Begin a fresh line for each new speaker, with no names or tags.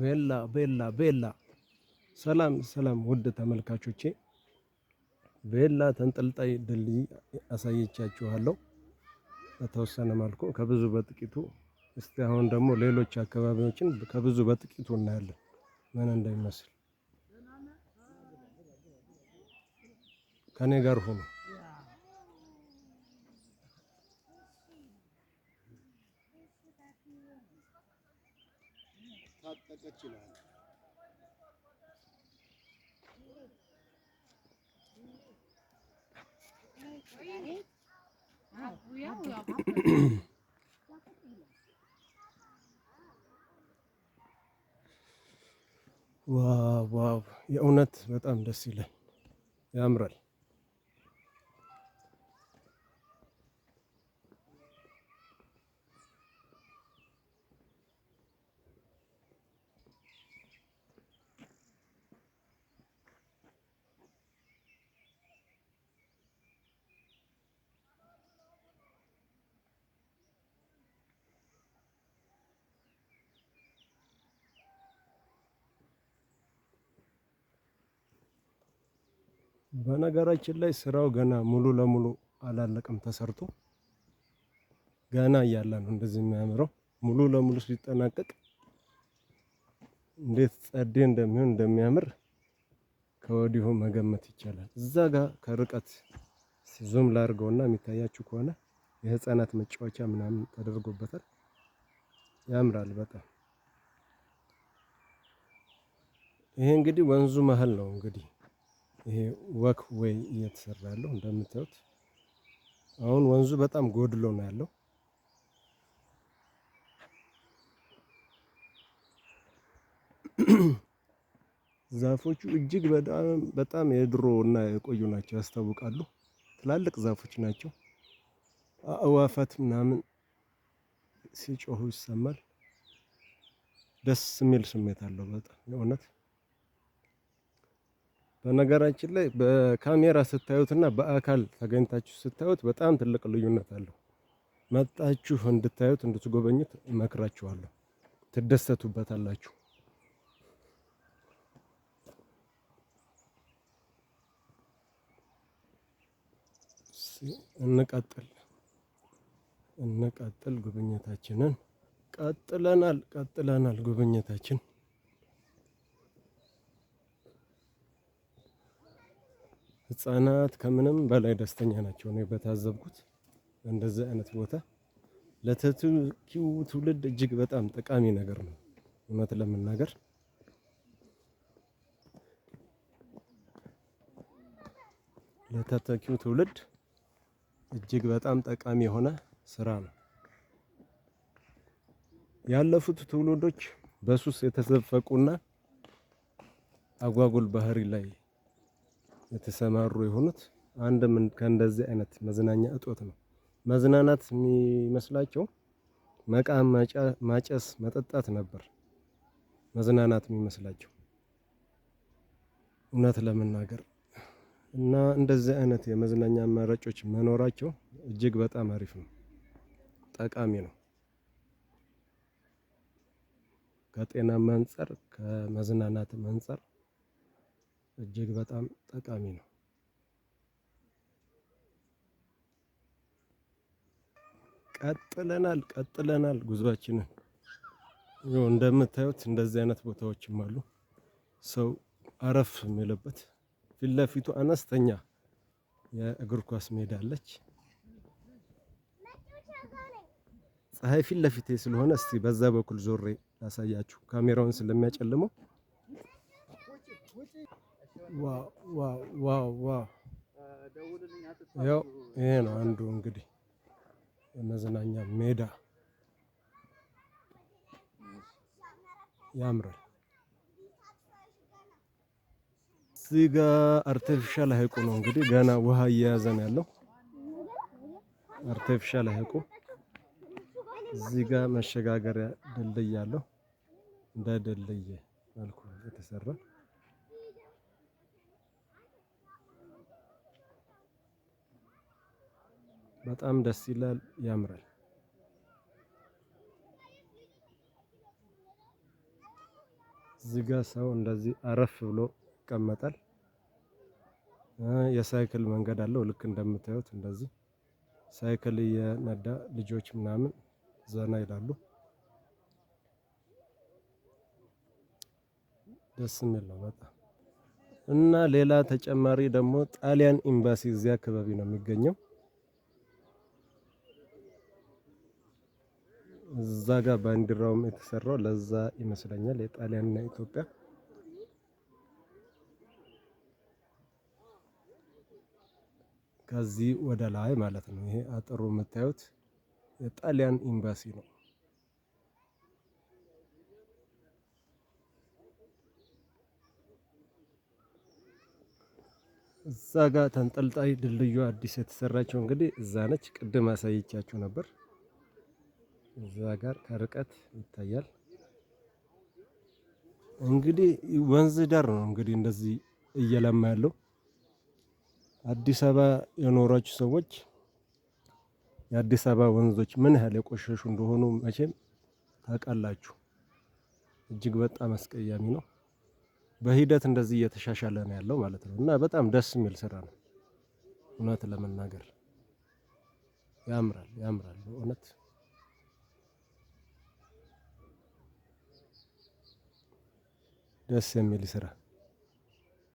ቤላ ቤላ ቤላ ሰላም ሰላም፣ ውድ ተመልካቾቼ ቤላ ተንጠልጣይ ድልድይ አሳየቻችኋለሁ በተወሰነ መልኩ ከብዙ በጥቂቱ። እስቲ አሁን ደግሞ ሌሎች አካባቢዎችን ከብዙ በጥቂቱ እናያለን ምን እንደሚመስል። ከኔ ጋር ሆኖ ታጠቀች ይላል። ዋው ዋው! የእውነት በጣም ደስ ይላል፣ ያምራል። በነገራችን ላይ ስራው ገና ሙሉ ለሙሉ አላለቀም ተሰርቶ ገና እያለ ነው እንደዚህ የሚያምረው ሙሉ ለሙሉ ሲጠናቀቅ እንዴት ጸዴ እንደሚሆን እንደሚያምር ከወዲሁ መገመት ይቻላል። እዛ ጋር ከርቀት ዙም ላድርገውና የሚታያችሁ ከሆነ የህፃናት መጫወቻ ምናምን ተደርጎበታል። ያምራል በጣም። ይሄ እንግዲህ ወንዙ መሀል ነው እንግዲህ ይሄ ወክ ወይ እየተሰራ ያለው እንደምታዩት አሁን ወንዙ በጣም ጎድሎ ነው ያለው። ዛፎቹ እጅግ በጣም በጣም የድሮ እና የቆዩ ናቸው ያስታውቃሉ። ትላልቅ ዛፎች ናቸው። አእዋፋት ምናምን ሲጮሁ ይሰማል። ደስ የሚል ስሜት አለው በጣም የእውነት። በነገራችን ላይ በካሜራ ስታዩትና በአካል ተገኝታችሁ ስታዩት በጣም ትልቅ ልዩነት አለው። መጣችሁ እንድታዩት እንድትጎበኙት እመክራችኋለሁ። ትደሰቱበታላችሁ። እንቀጥል እንቀጥል ጉብኝታችንን ቀጥለናል ቀጥለናል ጉብኝታችን ህፃናት ከምንም በላይ ደስተኛ ናቸው ነው በታዘብኩት። እንደዚህ አይነት ቦታ ለተተኪው ትውልድ እጅግ በጣም ጠቃሚ ነገር ነው። እውነት ለመናገር ለተተኪው ትውልድ እጅግ በጣም ጠቃሚ የሆነ ስራ ነው። ያለፉት ትውልዶች በሱስ የተዘፈቁና አጓጉል ባህሪ ላይ የተሰማሩ የሆኑት አንድም ከእንደዚህ አይነት መዝናኛ እጦት ነው። መዝናናት የሚመስላቸው መቃም፣ ማጨስ፣ መጠጣት ነበር መዝናናት የሚመስላቸው እውነት ለመናገር እና እንደዚህ አይነት የመዝናኛ አማራጮች መኖራቸው እጅግ በጣም አሪፍ ነው፣ ጠቃሚ ነው። ከጤናም አንጻር ከመዝናናትም አንጻር እጅግ በጣም ጠቃሚ ነው። ቀጥለናል ቀጥለናል ጉዟችንን። እንደምታዩት እንደዚህ አይነት ቦታዎችም አሉ ሰው አረፍ የሚልበት። ፊት ለፊቱ አነስተኛ የእግር ኳስ ሜዳ አለች። ፀሐይ ፊት ለፊቴ ስለሆነ እስቲ በዛ በኩል ዞሬ ላሳያችሁ ካሜራውን ስለሚያጨልመው ዋው ያው ይሄ ነው አንዱ እንግዲህ የመዝናኛ ሜዳ ያምራል። እዚህ ጋ አርቴፊሻል ሀይቁ ነው እንግዲህ ገና ውሃ እየያዘ ነው ያለው። አርቴፊሻል ሀይቁ እዚህ ጋ መሸጋገሪያ ድልድይ አለው እንደ ድልድይ መልኩ የተሰራ በጣም ደስ ይላል ያምራል። እዚህ ሰው እንደዚህ አረፍ ብሎ ይቀመጣል። የሳይክል መንገድ አለው ልክ እንደምታዩት እንደዚህ ሳይክል እየነዳ ልጆች ምናምን ዘና ይላሉ። ደስ የሚል ነው በጣም እና ሌላ ተጨማሪ ደግሞ ጣሊያን ኤምባሲ እዚያ አካባቢ ነው የሚገኘው። እዛ ጋር ባንዲራውም የተሰራው ለዛ ይመስለኛል የጣሊያንና ኢትዮጵያ ከዚህ ወደ ላይ ማለት ነው። ይሄ አጥሩ የምታዩት የጣሊያን ኤምባሲ ነው። እዛ ጋር ተንጠልጣይ ድልድዩ አዲስ የተሰራቸው እንግዲህ እዛ ነች። ቅድም አሳይቻችሁ ነበር። እዛ ጋር ከርቀት ይታያል። እንግዲህ ወንዝ ዳር ነው እንግዲህ እንደዚህ እየለማ ያለው። አዲስ አበባ የኖራችሁ ሰዎች የአዲስ አበባ ወንዞች ምን ያህል የቆሸሹ እንደሆኑ መቼም ታውቃላችሁ። እጅግ በጣም አስቀያሚ ነው። በሂደት እንደዚህ እየተሻሻለ ነው ያለው ማለት ነው እና በጣም ደስ የሚል ስራ ነው እውነት ለመናገር ያምራል፣ ያምራል እውነት ደስ የሚል ስራ